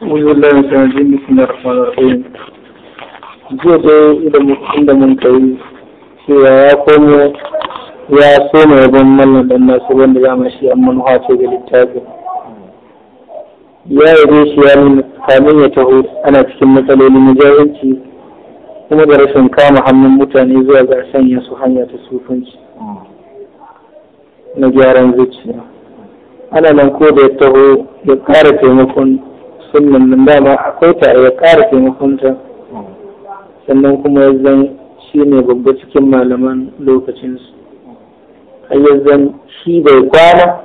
jiya dai da mun kai cewa ya komo ya so mai yabon mallan dan nasu wanda dama shi an manuwa ce ga littafin ya yabe shi ya nuna kamin ya taho ana cikin matsalolin mujahilci kuma da rashin kama hannun mutane zuwa ga sanya su hanya ta sufanci na gyaran zuciya ana nan ko da ya taho ya kara taimakon sunan nan dama akwai ta ya ƙara taimakonta sannan kuma ya zan shi ne babba cikin malaman lokacinsu har shi bai kwana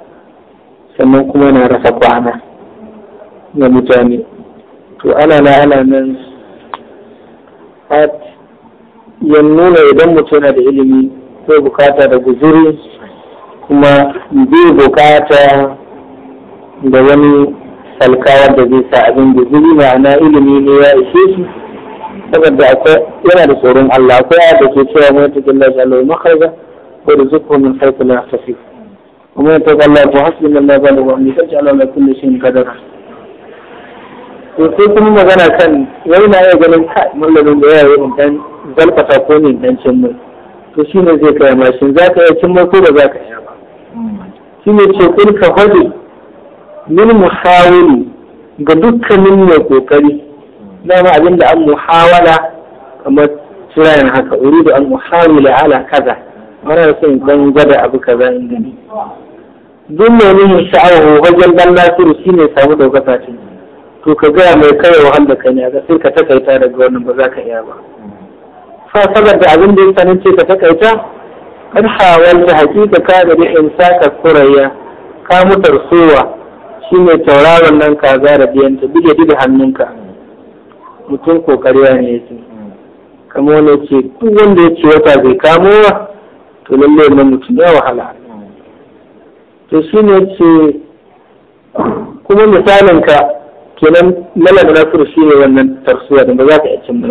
sannan kuma na rasa kwana na mutane to ana na ana nan ya nuna idan mutum yana da ilimi zai bukata da guzuri kuma bai bukata da wani salka wanda zai sa abin da zuri ma'ana ilimi ne ya ishe shi saboda akwai yana da tsoron Allah akwai ya da ke cewa mai cikin lafi Allah makarza ko da zuku min haifu na tafi kuma ya taɓa Allah ko hasbi na Allah ba da wani sarki Allah na kulle shi kadara to sai kuma magana kan wani na iya ganin kai mallamin da ya yi dan zalfata ko ne dan cin mai to shi ne zai kai mashin za ka iya cin mai ko ba za ka iya ba shi ne ce kun ka hudu min muhawili ga dukkanin mai kokari dama abin da an muhawala kamar tsirayen haka uridu an muhawila ala kaza ana da sun dan gwada abu kaza in gani duk mai nihin sha'awar wajen dan nasiru shi ne samu daukaka ce to ka gaya mai kai wahal da kai ne ga sai ka takaita daga wannan ba za ka iya ba fa da abin da ya sanin ce ka takaita kan hawal da hakika ka da insaka kurayya ka mutar sowa shi ne tauraron nan ka biyan biyanta buge da hannunka mutum ya ne su kamo wani ce duk wanda ya ce wata bai kamo wa to lallai na mutum ya wahala to shi ne ce kuma misalinka kenan malam nasir shi ne wannan tarsuwa da ba za ka iya cin ba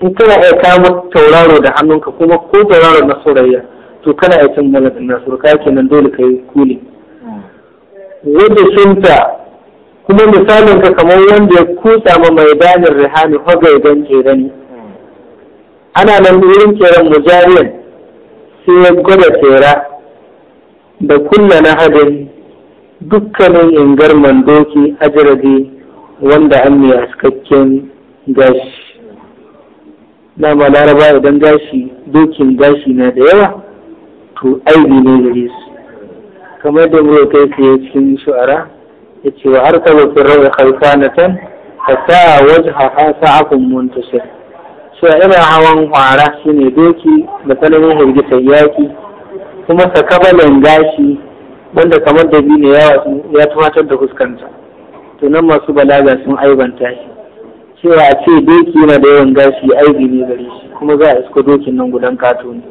in kana iya kama tauraro da hannunka kuma ko tauraro na soyayya to kana iya cin malam nasir ka kenan dole ka yi kuli ta, kuma misalin ka kamar wanda ya kutsa ma mai danin rihani ke kerani ana nan wurin keran mujariyan sai ya gwada kera da kulla na hadin dukkanin ingar mandoki ajirabi wanda an mai askakken gashi dama laraba idan gashi dokin gashi na da yawa to aibi ne gare su kamar da mu kai tsaye cikin shu'ara yace wa harka wa firra khalfanatan hatta wajhaha sa'akun muntasir a ina hawan kwara shine doki da tsananin hirgitar yaki kuma sakabalan gashi wanda kamar da ne ya tumatar da fuskanta to nan masu balaga sun aibanta shi cewa a ce doki na da yawan gashi aibi ne gare shi kuma za a isko dokin nan gudan katoni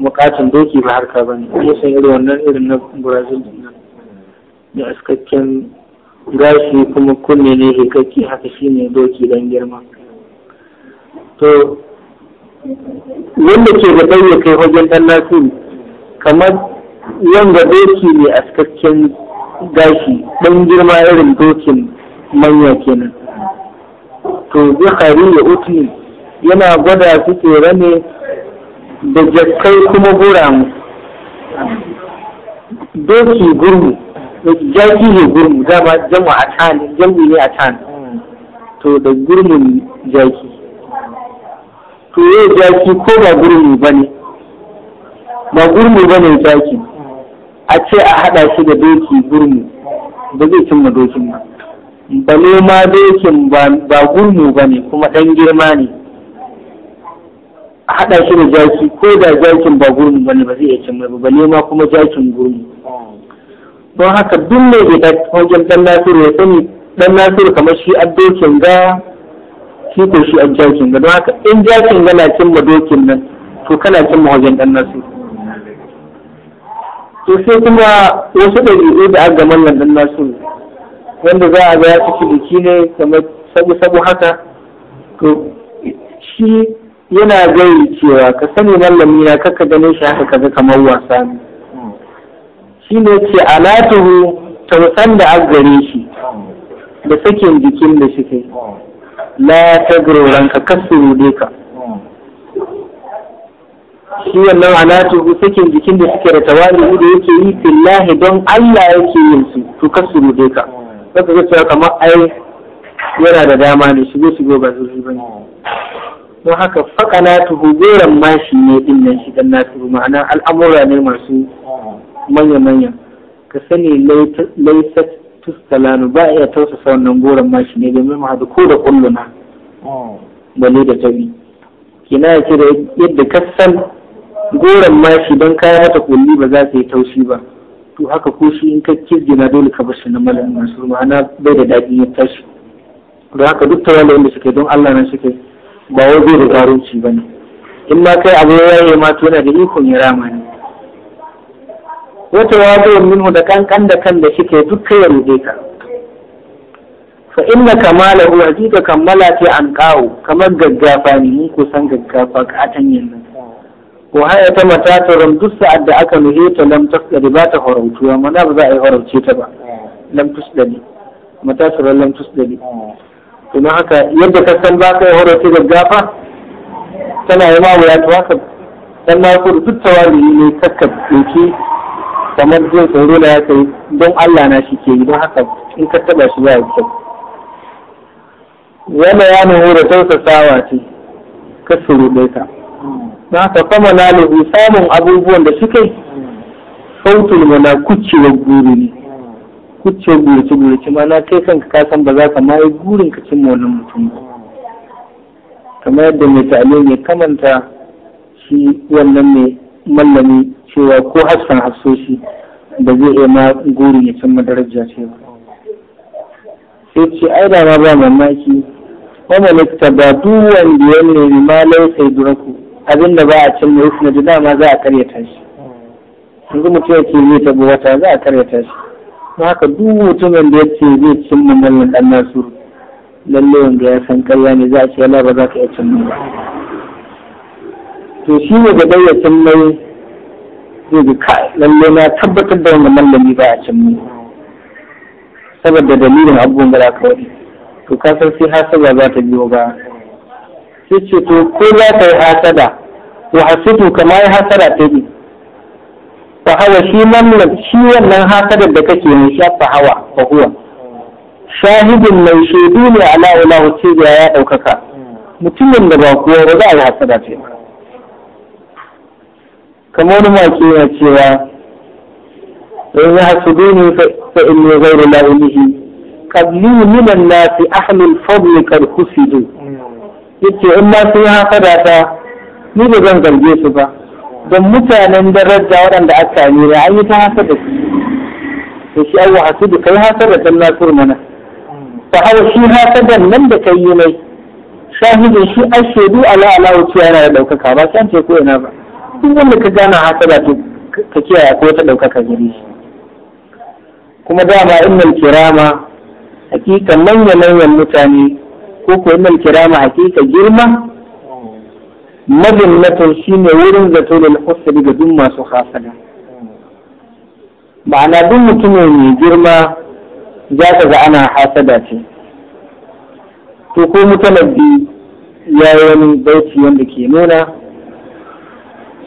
bukatun doki ba harka ba ne ya san irin wannan irin na brazil dinnan da askakken gashi kuma kunne ne hekaki haka shi ne doki don girma to wanda ke da ya kai wajen dan kamar yanga doki ne askakken gashi dan girma irin dokin manya kenan to zikari ya utni yana gwada su rane ne da jakai kuma mu. doki gurmu jaki ne gurmu dama jamu a tani jamu ne a tani to da gurmun jaki to yau jaki ko ba gurmu ba ne ba gurmu ba ne jaki a ce a haɗa shi da doki gurmu ba zai cimma dokin ba bale ma dokin ba gurmu ba ne kuma ɗan girma ne a haɗa shi da jaki ko da jakin ba gurmu bane ba zai iya cin mai ba ma kuma jakin gurmu don haka duk mai bida wajen dan nasiru ya sani dan nasiru kamar shi a ga shi ko shi a ga don haka in jakin ga na cin ma dokin nan to kana cin ma wajen dan nasiru to sai kuma wasu ɗabi'u da aka nan dan nasiru wanda za a ga ya ciki biki ne kamar sabu sabu haka to shi yana gai cewa ka sani mallami na kaka ganin shi haka kaga kamar wasa ne shi ne ce alatuhu tausan da an gare shi da sakin jikin da shi kai la ta guroran ka kasuru dai ka shi wannan alatuhu sakin jikin da suke da tawali da yake yi fillahi don Allah yake yin su to kasuru dai ka kasa ga cewa kamar ai yana da dama ne shigo shigo ba zurfi ba ne don haka faƙana tuhu goron mashi ne din nan shi dan nasiru ma'ana al'amura ne masu manya-manya ka sani laisat tustalanu ba iya tausasa wannan goron mashi ne domin mu da ko da kulluna ne oh. da tabi kina ya ce da yadda ka san goron mashi don kaya ta kulli ba za ta yi taushi ba to haka ko shi in ka na dole ka bashi na malamin masu ma'ana bai da daɗi ya tashi don haka duk tawalayin da suke don Allah nan suke ba wai zai da karuci ba ne in ma kai abu ya yi ma tona da ikon ya rama ne wata wazo minhu da kankan da kan da shike duk kai ya rube ka fa inna kamala huwa jika kammala ce an kawo kamar gaggafa ne mun kusan gaggafa ka atan yanzu ko har ta mata ta duk sa'ad da aka nuhe ta lam tasdari ba ta horautuwa mana ba za a yi horauce ta ba lam tasdari mata ta lam tasdari kuma haka yadda ka san ba ka yi horo ce gaggafa tana yi ma wuya ta haka dan na kudu duk tawaliyi ne kakka ɗauki kamar jin tsoro na ya kai don Allah na shi ke yi don haka in ka taba shi za a kyau. Yana yanin horo tausasawa ce ka suru ta. Na haka kama na samun abubuwan da suke sautul mana kucewar guri kucce gurace gurace ma na kai kanka ka san ba za ka ma yi gurin ka cimma wannan mutum ba kamar yadda mai ta'ali ya kamanta shi wannan mai mallami cewa ko hassan hassoshi ba zai iya ma gurin ya cimma daraja ce ba sai ce ai da ma ba mamaki mamalakta ba duk da ya nemi ma laifai duraku abinda ba a cimma suna da dama za a karyata shi yanzu mutum ya ce zai taɓa wata za a karyata shi haka duk mutumin da ya ce zai cimma mallan dan nasu lalle wanda ya san karya ne za a ce yalla ba za ka iya cimma ba to shi ne bai cin mai zai ga ka lalle na tabbatar da wannan mallami ba a cimma saboda dalilin abubuwan da za ka wani to ka san sai hasada za ta biyo ba sai ce to ko za ta yi hasada to hasidu kamar ya hasada ta yi fahawa shi wannan shi wannan hasadar da kake mai shi fahawa hawa shahidin mai shaidu ne ala wace ce ya daukaka mutumin da ba kuwa ba za a yi hasada ce kamar wani maki ya cewa in ya hasudu ne fa in ne rula ilihi qabli minan nasi ahlul fadli kad husidu yace in ma sun hasada ta ni ba zan zarge su ba don mutanen daraja waɗanda aka sami ne an yi ta hasa da su da shi an hasu da kai hasar da talla mana? ta hawa shi hasadan nan da kai yi mai shahidin shi an shaidu ala ala wuce yana da ɗaukaka ba san ce ko ina ba duk wanda ka gana hasada to ka kiyaye ko ta ɗaukaka gari shi kuma dama innal kirama hakika manya manyan mutane ko ko innal kirama hakika girma shi shine wurin zato da husri ga duk masu hasada ma'ana duk mutumin mai girma za ka ga ana hasada ce to ko mutanabbi ya yi wani bauci wanda ke nuna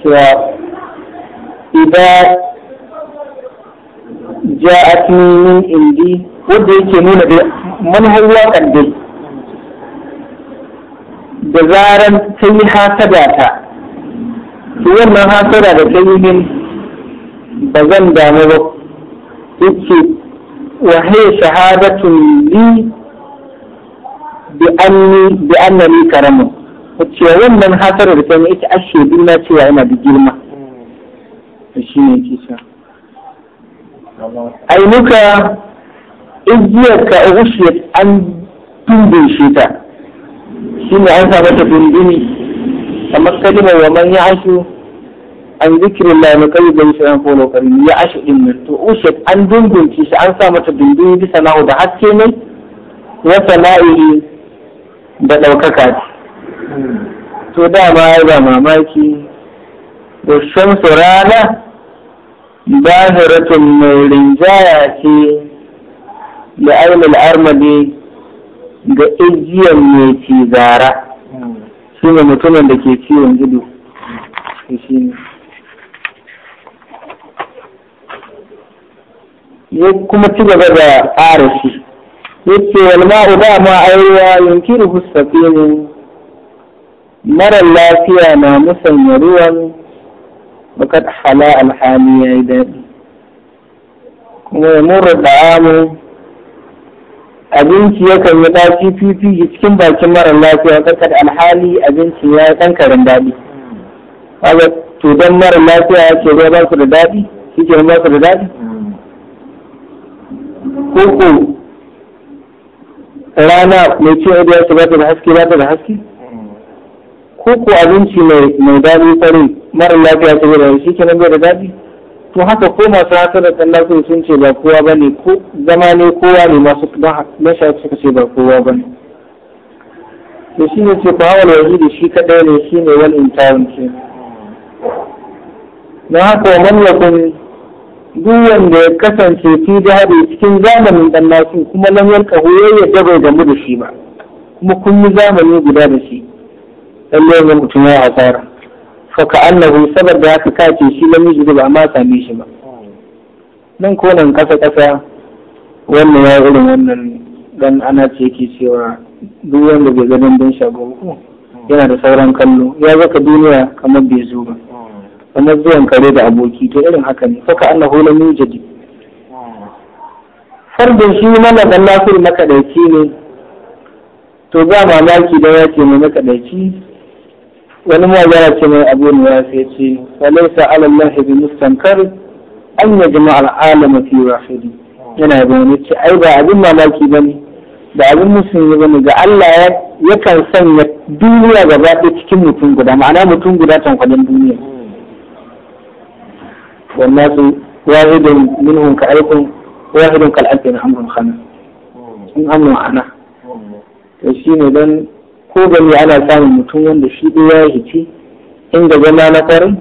cewa idan ja'atni min indi wanda yake nuna da manhar waƙar dai da zaran ta yi hasada ta wannan hasada da ta yi min ba zan damu ba yake wahai shahadatun li bi anni annani karamun cewa wannan hasada da ta yi ita ashe na cewa yana da girma shi ne kisa ainuka igiyarka a an dubbe shi ta shi ne an samu ta bindini kamar kalimar wa man ya ashe? an zikirin la na kai da shi an folo kari ya ashe din ne to ushe an dindinci shi an sa mata bindini bisa na'u da haske ne ya sana'i da ce to dama ya ba mamaki da shamsu rana zahiratun mai rinjaya ce da ainihin armadi ga igiyan mai cizara shi ne mutumin da ke ciwon gudu? shi ne ya kuma ci gaba da ƙara shi yace wal ma'u da ma ayya yunkiru ne mara lafiya na musanya ruwan bakat hala alhali ya daɗi kuma ya da da'amu abinci yakan yi ɗaci fifi cikin bakin mara lafiya kakar alhali abinci ya yi karin daɗi kaga to don mara lafiya ya ce zai ba su da daɗi shi ke ba su da daɗi koko rana mai ce da ya ba ta da haske ba ta da haske koko abinci mai daɗi farin mara lafiya saboda shi ke nan bai da daɗi to haka ko masu da tsallakun sun ce ba kowa ba ne ko zama ne kowa ne masu masha suka ce ba kowa ba ne da shi ne ce ko lauri da shi kaɗai ne shi ne wani intawun ce na haka wa mallakun duk wanda ya kasance fi dadi cikin zamanin dan kuma lam yalka ya yadda bai gamu da shi ba kuma kun yi zamani guda da shi ɗan ga mutum ya hasara Faka ka annahu saboda haka ka ce shi namiji da ba ma same shi ba nan ko nan kasa kasa wannan ya irin wannan dan ana ce yake cewa duk wanda bai ganin dan shago ko yana da sauran kallo ya zaka duniya kamar bai zo ba kamar zuwan kare da aboki to irin haka ne faka ka annahu lam yujadi fardin shi malakan nasir makadaici ne to ba mamaki da ya ce mai makadaici wani ya ce mai abu ne ya sai ce sa alallahi bi mustankar an ya jima al'alama fi wahidi yana da wani ce ai ba abin mamaki ba ne da abin musulmi ba ne ga Allah ya kan sanya duniya gaba ɗaya cikin mutum guda ma'ana mutum guda tankwadin duniya wannan su wahidun minhum ka alfin wahidun kal na amrun khana in amrun ana to shine dan ko gani ana samun mutum wanda shi ɗaya ya hici inda zama na kwarai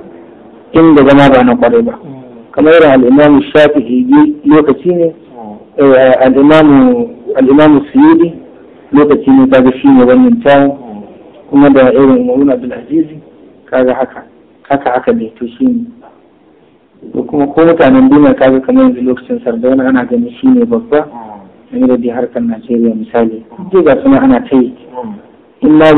inda zama ba na kwarai ba kamar irin al'imamu shafi'i lokaci ne eh, al'imamu suyudi lokaci ne kaga shi ne wannan tawo kuma da irin bin abdulazizi kaga haka haka haka ne to shi ne ko kuma ko mutanen duniya kaga kamar yanzu lokacin sardauna ana ganin shi ne babba ni da biyu harkar najeriya misali duk ga suna ana ta yi illa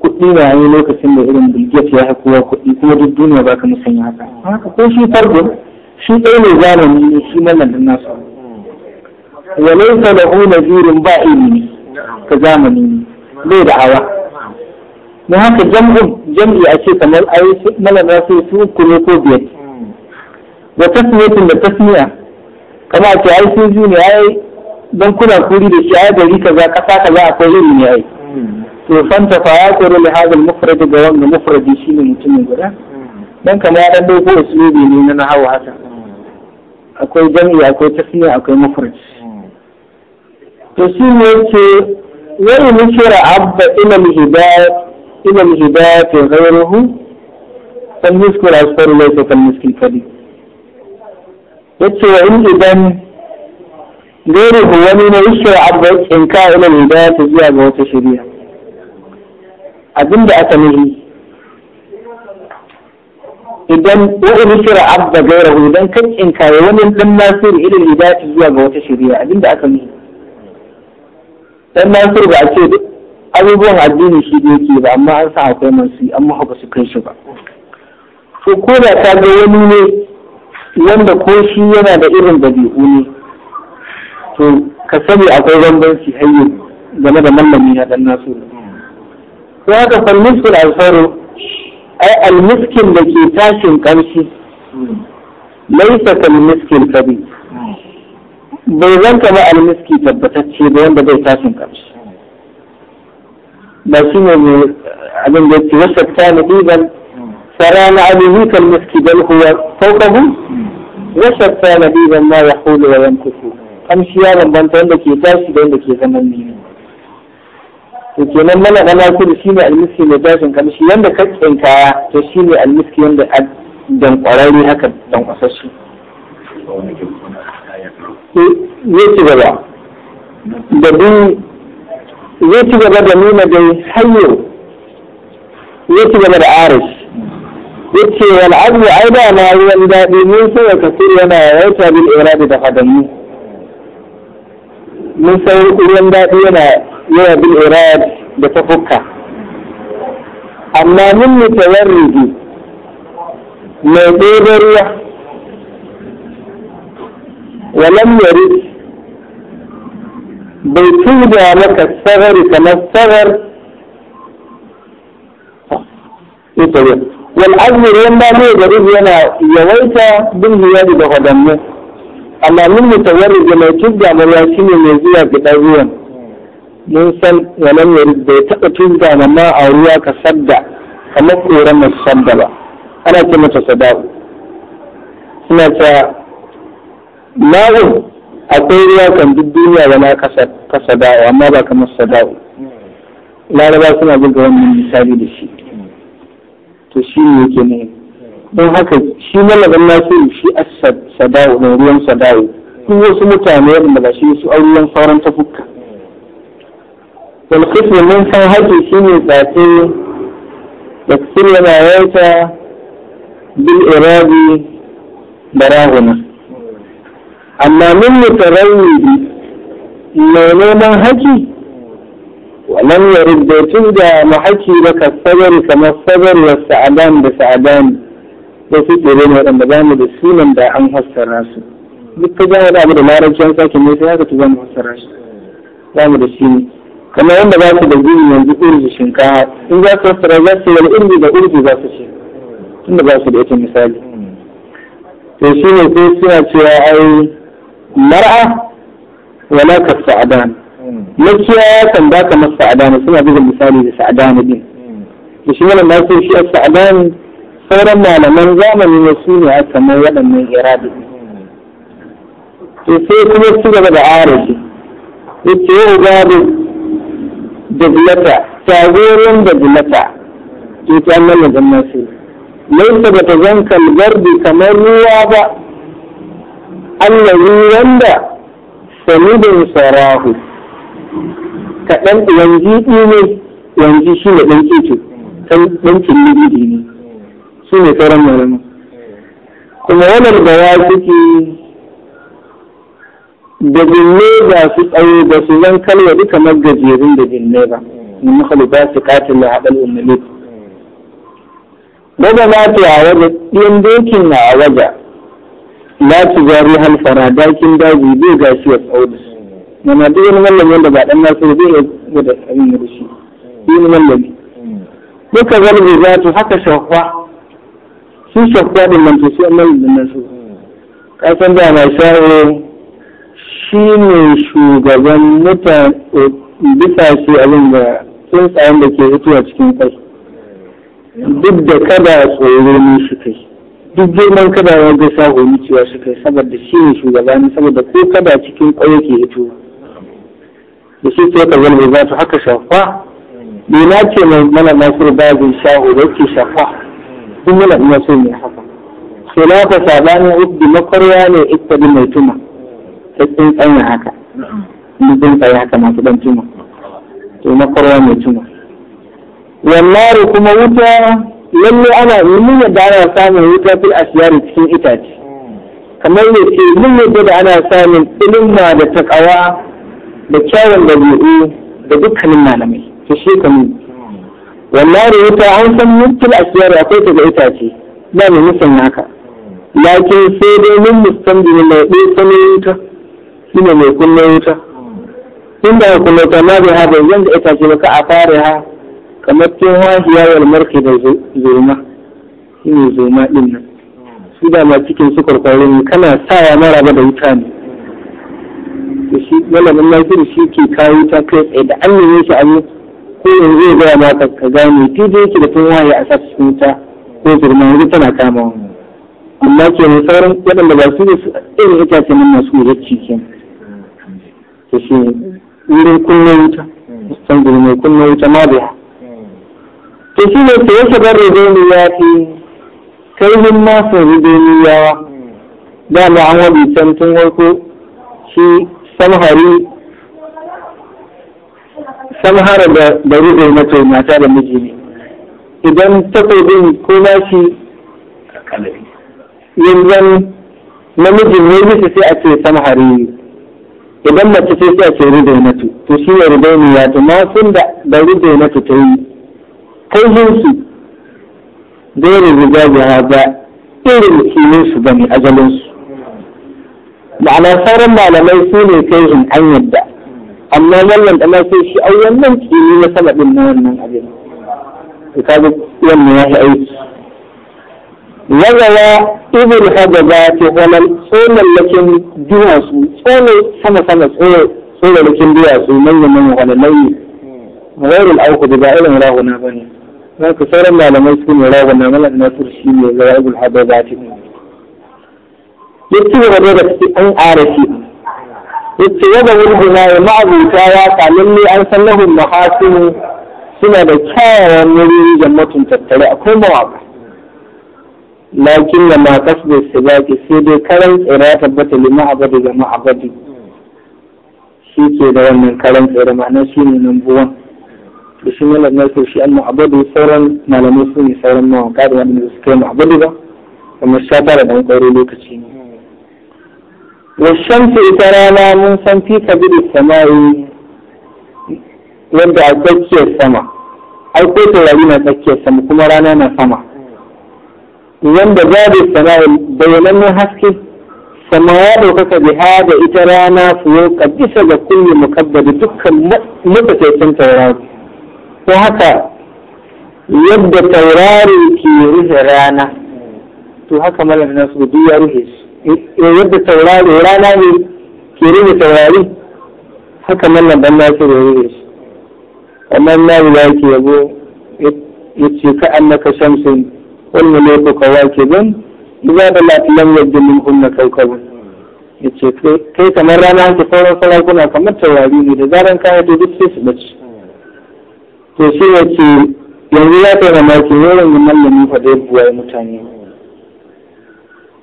kuɗi ba yi lokacin da irin bilgiyar ya wa kuɗi kuma duk duniya ba ka musanya haka haka ko shi farko shi ɗaya ne zamani ne shi na mallan nasu walai ta da na zirin ba ilimi ka zamani ne bai da awa. na haka jam'in jam'i a ce kamar a yi na su su uku ne ko biyar da tasmiyatin da tasmiya kamar a yi ai sun ne yi don kuna kuri da shi a yi gari kaza kasa kaza akwai iri ne yi. to fanta fa ya kori li hadal mufradi ga wanda mufradi shine mutumin guda dan kamar ya dan dauko su ne na hawa haka akwai jami'i akwai tasmiya akwai mufradi to shi ne yake wani nukira abba ila al-hidayat ila al-hidayat ghayruhu fal miskul asfar laysa kal miskil kadi yace wa in idan غيره wani ne yake abba in ka ila al ta zuwa ga wata shari'a abin da aka nuhi idan wa'in shira abda gairahu idan kan kare wani dan nasiru ilil hidayati zuwa ga wata shari'a abin da aka nuhi dan nasiru ba a ce abubuwan addini shi da yake ba amma an sa akwai masu amma haka su kai shi ba to ko da ta ga wani ne wanda ko shi yana da irin dabi'u ne to ka sani akwai bambanci hayyu game da mallami na dan nasiru ya haka falmiskul alfaru ai almiskin da ke tashin ƙamshi laisa kalmiskin kabi bai zan kama almiski tabbatacce ba wanda bai tashin ƙarshe? ba shi ne eh, abin da ke wasu ta na ɗiban tsara na abin kalmiski don huwa faukahu wasu ta na ɗiban ma ya hulu wa yankuku ƙamshi ya bambanta wanda ke tashi da wanda ke zaman nemi to kenan mana gana kudu shine almiski mai gashin kamshi yanda ka tsinkaya to shine almiski yanda a dan kwararre haka dan kwasashi ne ci gaba da bin zai ci gaba da nuna dai hayo ya ci gaba da arish ya ce wal abu ai da na ruwan daɗi mun so ya kasu yana yauta bil iradi da fadamu mun san ruwan daɗi yana يرى بالعراج بتفكه أما من متورد مضيب الروح ولم يرد بيتوجع لك الصغر كما الصغر يتورد والعزل لما يقدر هنا يويت بالهياد بغدمه أما من متورد ما يتوجع مرياشين يزيع بغدمه mun san walam ya bai taɓa tunga mamma a ruwa ka sadda kamar koran masu sadda ba ana ce mata sadaku suna ta ma'un akwai ruwa kan duk duniya na ka sadaku amma ba kamar sadaku laraba suna buga wannan misali da shi to shi ne yake ne don haka shi malamin nasiru shi as sadau ne ruwan sadau. duk wasu mutane waɗanda ba shi su auren sauran tafuka والقسم من san haƙi shine tsace yaksir yana yanka bil irabi da rahuna amma min mutarawwidi mai neman haƙi wannan ya rubutun da mahaƙi da kasabar kamar saba da sa'adan da sa'adan da waɗanda ba mu da sunan da an fassara su duk ka abu da larabci an sake ne sai haka tu zan fassara ba mu da shi kamar yadda ba su da gini yanzu urji shinkawa in za su tsara za su yi urji da urji za su ce tunda ba su da ita misali to shi ne sai suna cewa ai mar'a wala ka sa'adan makiya ya san ba ka masa sa'adan suna bugun misali da sa'adan din to shi wannan nasu shi a sa'adan sauran malaman zamani ne su ne aka mai waɗannan iradi to sai kuma su gaba da arashi yace yau babu ta tagoron da dillata ke ta mana da su. laisa ba ta zan kalgardi kamar ruwa ba allazi wanda sanidin sarahu kaɗan yanzu ne yanzu shi ne ɗan keke ɗan killi ne shi ne sauran marama kuma wannan da ya suke da binne ba su tsaye ba su zan kalwa duka magajerin da binne ba in mahalu ba su katin da haɗar ba. gaba na ta yawa da ɗin dokin na a waja la ci jari halfara dakin daji bai ga shi tsawo da su mana duk wani mallami wanda ba ɗan nasu zai ya gwada abin da shi wani mallami duka zalbi za su haka shafwa sun shafwa da mantosu mai da nasu kasan da na sha'o shi ne shugaban mutane bisa shi abin da tsuntsayen da ke a cikin kai duk da kada tsoro ne shi kai duk girman kada ya ga sa hori cewa shi kai saboda shi ne shugaba ne saboda ko kada cikin ƙwai ke hutu. da shi ce ka mai za su haka shafa ne na ce mai mana nasiru ba zai sha ke shafa duk mana ina so mai haka khilafa sabani ubi makarya ne ita da mai tuma tsatsin tsayin haka zai tsaye haka masu ɗan tuma to makarwa mai tuma wallare kuma wuta lalle ana nuna da ana samun wuta fil asiyari cikin itace kamar ne ke yin yadda da ana samun ilimma da takawa da kyawun da buɗe da dukkanin malamai to shi kamun wallare wuta an san mutul asiyari akwai ta ga itace ba mu nufin haka lakin sai dai mun musamman mai ɗaya sanin wuta shi ne mai kunne wuta inda ya kunne ta ma bai haɗa yadda ita ce maka a fara ha kamar tun wahiya wal marke da zoma shi ne zoma ɗin nan su da ma cikin su kwarkwarin kana sawa ba da wuta ne to shi malamin lafiyar shi ke kawo wuta kai tsaye da an nemi shi an ko yanzu zai gaya maka ka gane daidai yake da tun wahiya a sa cikin wuta ko zurma yanzu tana kama wani amma ke sauran waɗanda ba su ne su irin ce nan masu yacci kenan to shi ne wurin kunna wuta mm. san gudu mai kunna wuta ma biya mm. to shi ne ta yake bar rubeni ya fi kaihin nasa rubeni yawa mm. da mu an wani can tun warko shi samhari samhara da da mata na to mata da miji ne idan takobin ko nashi yanzu namijin ne bisa sai a ce samhari idan mace ce sai rube ce tu to shi ne ma matan da da rube ta yi kai jinsu dole rijajiya ba irin kinin su ne ajalin su ma'ana sauran malamai su ne kai an yadda amma wannan da na sai shi a wannan kini na sanadin na wannan abin ka ga wannan ya aiki wazawa ibn hajjaza ke wannan tsonallakin duwatsu tsone sama sama duwatsu manyan manyan auku da ba irin rahuna ba ne za ka sauran malamai su ne rahuna na turshi ne ibn ba da cikin an arafi ya ce wani wani ya ma'azuta ya kamin ne an san mahasinu suna da kyawawan wuri da tattare akwai mawaƙa lakin da ma ba sibaki sai dai karan tsira tabbata lima abadi ga ma'abadi shi ke da wannan karan tsira ma'ana shi ne buwan da shi malam na su shi an ma'abadi sauran malamai su ne sauran mawaka da wanda su kai ma'abadi ba kuma sha tara da kwaro lokaci ne wasan ta ita rana mun san fi kabiru samayi yadda a tsakiyar sama ai ko taurari na tsakiyar sama kuma rana na sama wanda zabi sama'il bayanan haske sama ya ɗaukaka bi haɗa ita rana su, ka bisa ga kulli mukabbadi dukkan matsakaicin taurari ko haka yadda taurari ke rufe rana to haka malam nasu duk ya rufe su, eh, yadda taurari rana ne ke rufe taurari haka malam ban nasu da rufe shi amma na yake yabo ya ce ka annaka shamsun ke والمليك da إذا yadda لم يبد منهن كوكب yace kai kamar rana ke sauran sarakuna kamar taurari ne da zaran ka yi duk sai su bace to shi yace yanzu ya kai mamaki yawan yin mallami fa da buwaye mutane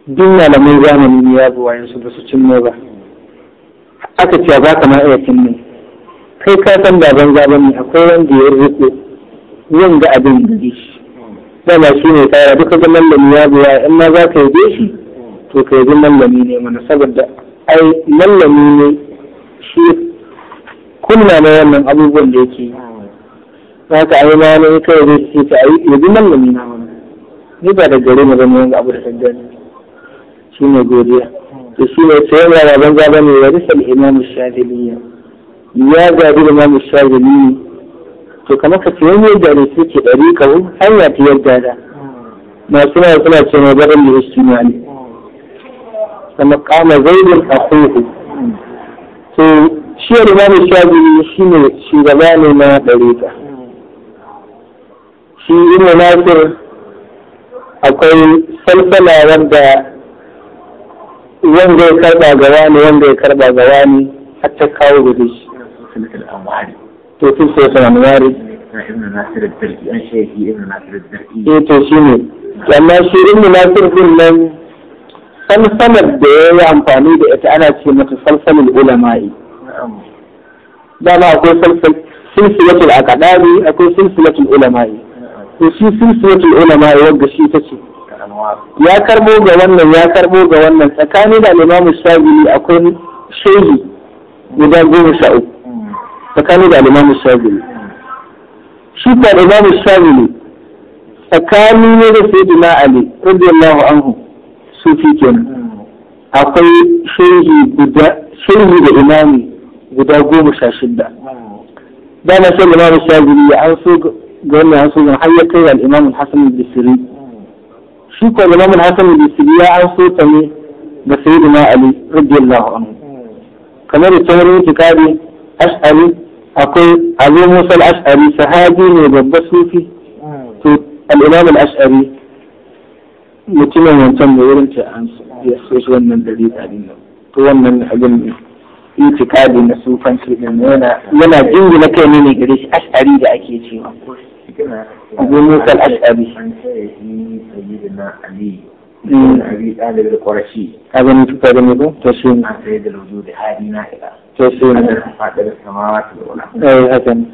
duk malamai zamani ne ya buwaye su ba su cinne ba aka ce ba kamar iya cinne kai ka san da banza ne akwai wanda ya rufe yin ga abin shi dama shi ne tsara duka ga mallami ya goya in ma za ka yabe shi to ka yabi mallami ne mana saboda ai mallami ne shi kunna na wannan abubuwan da yake yi za ka ayi ma ne kai zai ce ta ai yabi mallami na mana ni ba da gare mu zama wani abu da kan gani shi ne godiya to shi ne sai yana ban gaba ne ya risa al-imam shafi'iyya ya gadi da imam shafi'iyya to kamar ka ce wani yadda ne suke ɗari kawo hanya ta yadda da masu na suna ce mai barin da shi ne ne kuma kama zaidin a kuhu to shi yadda ma da shafi shi ne shugaba ne na ɗari ka shi ina nasir akwai salsala wanda wanda ya karɓa gawa ne wanda ya karɓa gawa ne har ta kawo da shi to tun sai ta wani ware eh to shi ne amma shi ibn na din nan falsalar da ya yi amfani da ita ana ce mata falsalar ulama'i dama akwai falsal silsilatul aqdami akwai silsilatul ulama'i to shi silsilatul ulama'i wanda shi ta ce ya karbo ga wannan ya karbo ga wannan tsakanin da imamu shagili akwai shehi guda goma sha uku tsakanin da alimamu shagili shi ta alimamu shagili tsakanin ne da sai dina ali allahu anhu sufi kenan akwai shirhi da imami guda goma sha shidda na sai alimamu shagili ya an so ga wannan an so ga har ya kai da alimamu hasan bisiri shi ta alimamu hasan bisiri ya an so ta ne sai sayyidina ali allahu anhu kamar da tamarin tikari ash'ari akwai abu musa al-ash'ari sahabi ne babba sufi to al-imam al-ash'ari mutumin wancan da wurin ta an so shi wannan dari ɗari nan to wannan abin itikadi na sufan shi din yana yana jingina kai ne ne gare shi ash'ari da ake cewa abu musa al-ash'ari abin tukar da ne ba ta shi na sai da wudu da hadi na ila to shi ne fadar samawati wala eh hakan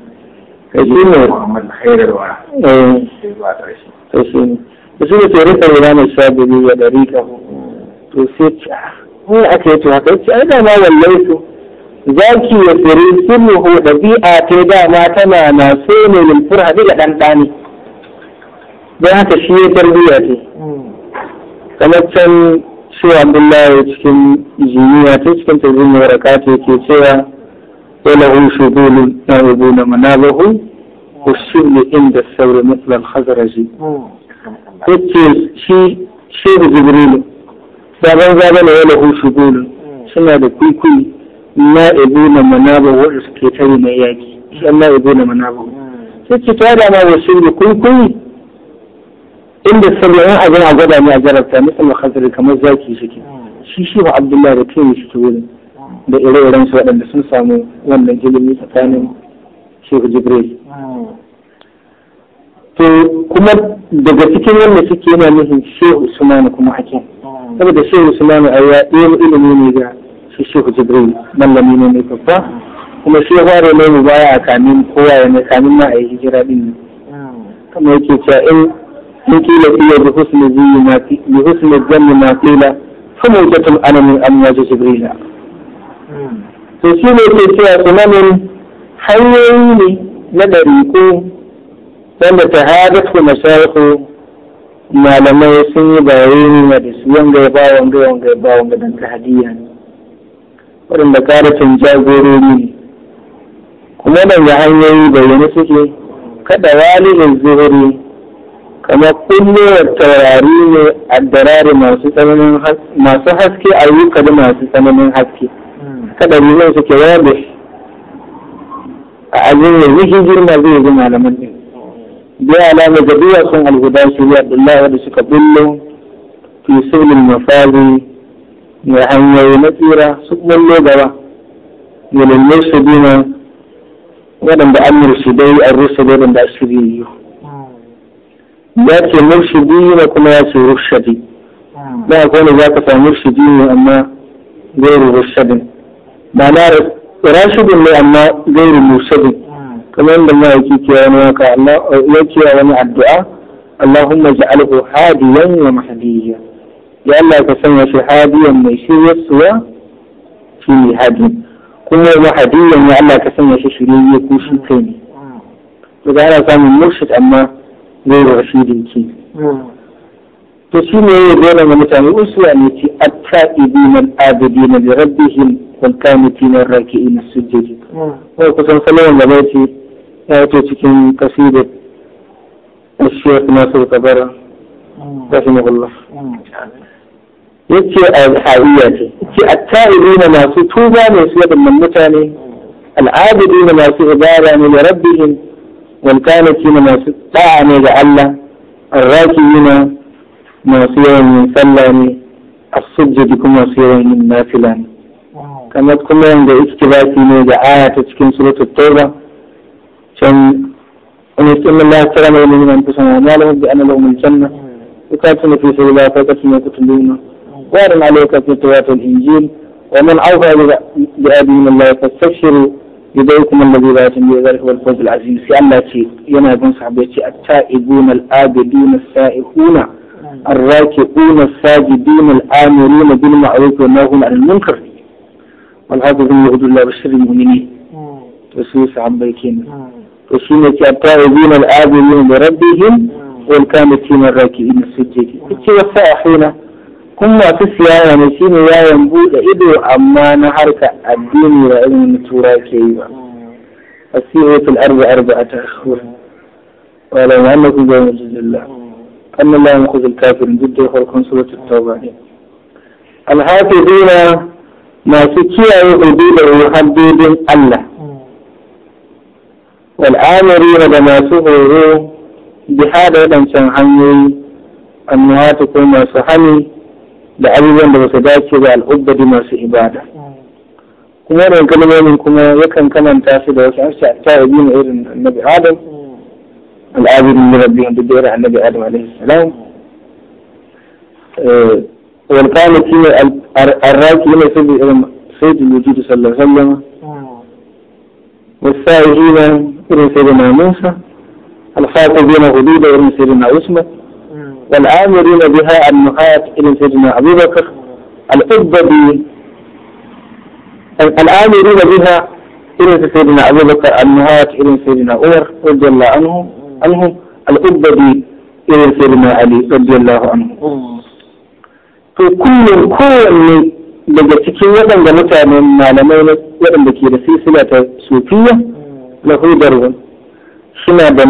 kai shi ne Muhammad khairar shi ne shi ne ya to sai ko yi to haka ce ai da ma zaki ya ta dama tana na so ne min haɗu da dan dani dan haka shi ya tarbiya ce kamar can shi abdullahi cikin jiniya ta cikin tazini waraka ta ke cewa wala shi dole na rubu na manabahu ne inda sauri mutlal hazaraji ce shi shehu jibrilu zaben zaben wala shi dole suna da kwikwi na ibu na manabahu da suke tare na yaki shi na ibu na manabahu sai ce ta da wasu da kwikwi inda sallan a a gwada ne a jarabta misal khazir kamar zaki suke shi shi ba abdullahi da kai shi wurin da ire-iren su waɗanda sun samu wannan ilimi tsakanin shehu jibril to kuma daga cikin wanda suke yana nufin shehu usmanu kuma hakim saboda shehu usmanu a ya ɗaya ilimi ne ga shi shehu jibril mallami ne mai babba kuma shi ya fara nemi baya a kamin kowa ya ne kamin ma a yi hijira ɗin ne kamar yake cewa in إن قيل فيه بحسن الذي ما بحسن الذم ما قيل فموجة الألم أمواج جبريل to shi ne ke cewa sunanin hanyoyi ne na ɗariƙo wanda ta hadatu mashayiku malamai sun yi bayani na da su wanga ya ba wanga wanga ya ba wanga ne waɗanda jagorori ne kuma nan hanyoyi bayyane suke kada walilin zuhuri kamar kullowar taurari ne a darari masu haske ayyuka da masu tsananin haske kada nuna su ke shi a ajin da zikin girma zai yi malaman ne bi alama da biya sun alhuda su yi abdullahi da suka bullo fi sulun mafali ya hanyoyi na tsira su bullo gaba da lullu su na? waɗanda amir su dai a rusa da waɗanda su biyu ذاتي مرشد ديني وكما ياتي رشدي آه. لا يكون ذاك فمرشد ديني اما غير رشد معنى راشد لاما غير مرشد آه. كمان لما يجيكي يا نواك الله يجي يا نواك الدعاء اللهم اجعله حاديا ومحديا لئلا تسمى في حاديا ما يشير في هادي كل محديا لئلا تسمى في شريه كوشي ثاني آه. وقال انا كان مرشد اما zai a ashirin to shi ne ya dole ga mutane uswa ne ce at-ta'ibin al-abidin li rabbihim wal qanitin na rakiin ina sujud ko kusan salawan da bai ce ya ce cikin kasidar su ناصر da رحمه الله Allah. Ya ce a ce atta'ibi na masu tuba ne su yadda mutane al'adadi na masu ibada ne da rabbihim والكالتين ماسو طاعني لألا الراكيين ماسيرين من سلاني السجد بكم ماسيرين من نافلان كما تكون عند اكتباتي نيجا آية تسكين سورة التوبة كان ان يستم الله السلام عليهم انفسنا وما لهم بان لهم الجنه وكاتم في سبيل الله فكاتم يقتلون وارم عليك في توراه الانجيل ومن اوفى لابيهم الله فاستبشروا يدعوكم الذي لا يتم ذلك والفوز الفوز العظيم سي الله ce yana bin sahabbai التائبون الآبدون السائحون al الراكعون الساجدون الآمرون بالمعروف والناهون عن المنكر من يهدوا الله بشر المؤمنين وسوء صحابي كينا وشينة التائبون الآبدون بربهم والكامتين الراكعين السجدين نعم. التي وسائحون kun masu siyaya ne shine yayan bude ido amma na harka addini ba irin tura ke yi ba asiyatul arba arba ta tashur wala ma annakum ga mujallillah anna la yankhuzul kafirin dukkan farkon suratul tauba ne alhafizina masu kiyaye hududar haddodin Allah wal'amirina da masu horo bi hada waɗancan hanyoyi annuwa ta ko masu hani da abubuwan da ba su dace ba al'ubbadi masu ibada kuma da kalmomin kuma yakan kamanta su da wasu asha ta yi na irin annabi adam al'abidin da rabbi wanda da annabi adam alaihi salam wal qanati arraki ne sabi irin sayyidul wujud sallallahu alaihi wasallam والسائلين irin سيدنا موسى الخاطبين حدود irin سيدنا عثمان والآمرين بها النهاة إلى سيدنا أبو بكر الحب الآمرين بها إلى سيدنا أبو بكر النهاة إلى سيدنا عمر رضي الله عنهم عنهم الحب إلى سيدنا علي رضي الله عنه to كل kowanne daga cikin waɗanda mutane malamai na waɗanda ke da silsila ta sufiya na hudarwa suna da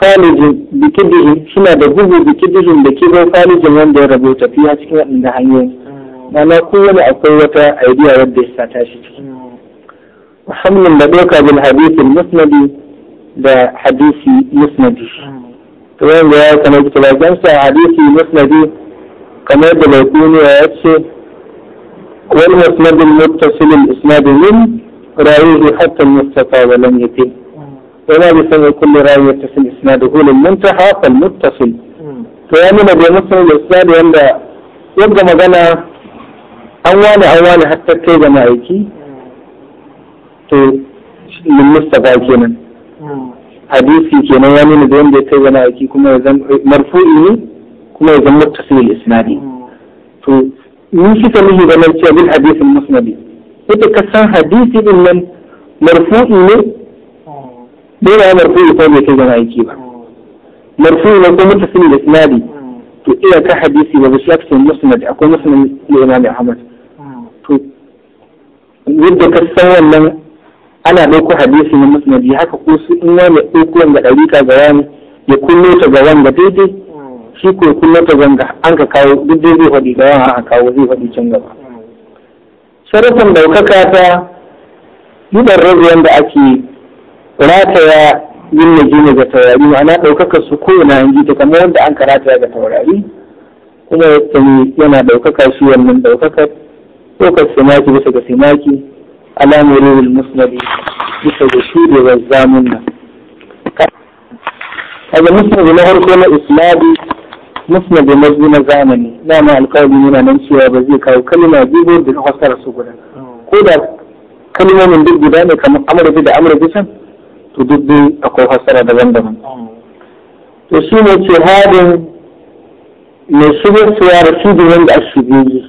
falijin bikidihin suna da bugu bikidihin da kibin falijin wanda ya rubuta fiya cikin waɗanda hanyoyi mana kowane akwai wata idea wadda ya sata shi ciki musamman da ɗauka bil hadisin musnadi da hadisi musnadi to wanda ya kamar kitalajensa hadisi musnadi kamar da bai kuniya ya ce wal musnadin muttasilin isnadin min rayuhi hatta mustafa wa lam yafi ولا بسبب كل راوي يتصل اسناده للمنتهى فالمتصل فيامنا بمسلم الاسناد عند يبقى مجانا أوان أوان حتى كيدا ma'aiki, to min mustafa kenan hadisi kenan ya nuna da wanda ya kai wani ma'aiki kuma ya zama marfu'i ne kuma ya zama muttasil isnadi to ni suka nuhi da cewa hadisin musnadi ita ka san hadisi din nan marfu'i ne dole ya marfu ko bai kai zama aiki ba marfu ne ko mutasili da sinadi to iya ka hadisi ba ba shi aka ce musnad akwai musnad da imam ahmad to yadda ka san wannan ana dauko hadisi na musnadi haka ko su in wani ɗauko wanda ɗarika ga wani ya kullo ta ga wanda daidai shi ko kullo ta ganga an ka kawo duk dai zai faɗi ga wani aka kawo zai faɗi can gaba sharafin ɗaukaka ta yuɗar rabu da ake rataya yin ne ga taurari ma'ana ɗaukakar su kowane hanji ta kamar wanda an karata ga taurari kuma yadda yana ɗaukaka shi wannan ɗaukakar ɗaukar simaki bisa ga simaki alamurin musnadi bisa ga shudewar zamunna kaga musnadi na harko na islami musnadi na biyu na zamani ma alƙawari yana nan cewa ba zai kawo kalma biyu da na su guda ko da kalmomin duk guda ne kamar amurabi da amurabi san to duk dai akwai fassara daban-daban to shi ne jihadin mai shigarsuwa da shi wanda a shige